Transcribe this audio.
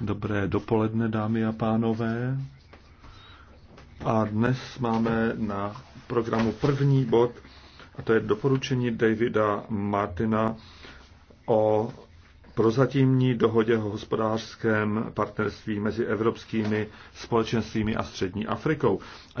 Dobré dopoledne, dámy a pánové. A dnes máme na programu první bod, a to je doporučení Davida Martina o prozatímní dohodě o hospodářském partnerství mezi evropskými společenstvími a střední Afrikou. A já